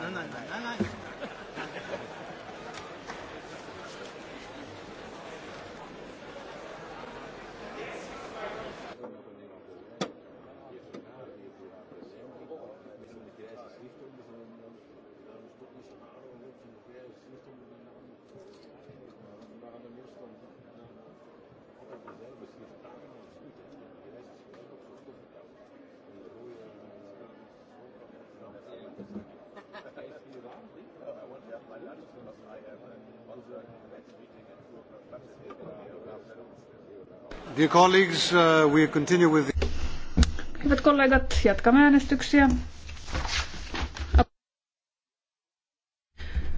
Nein, nein, nein, nein, nein. nein. Dear colleagues, uh, we continue with Hyvät kollegat, jatkamme äänestyksiä.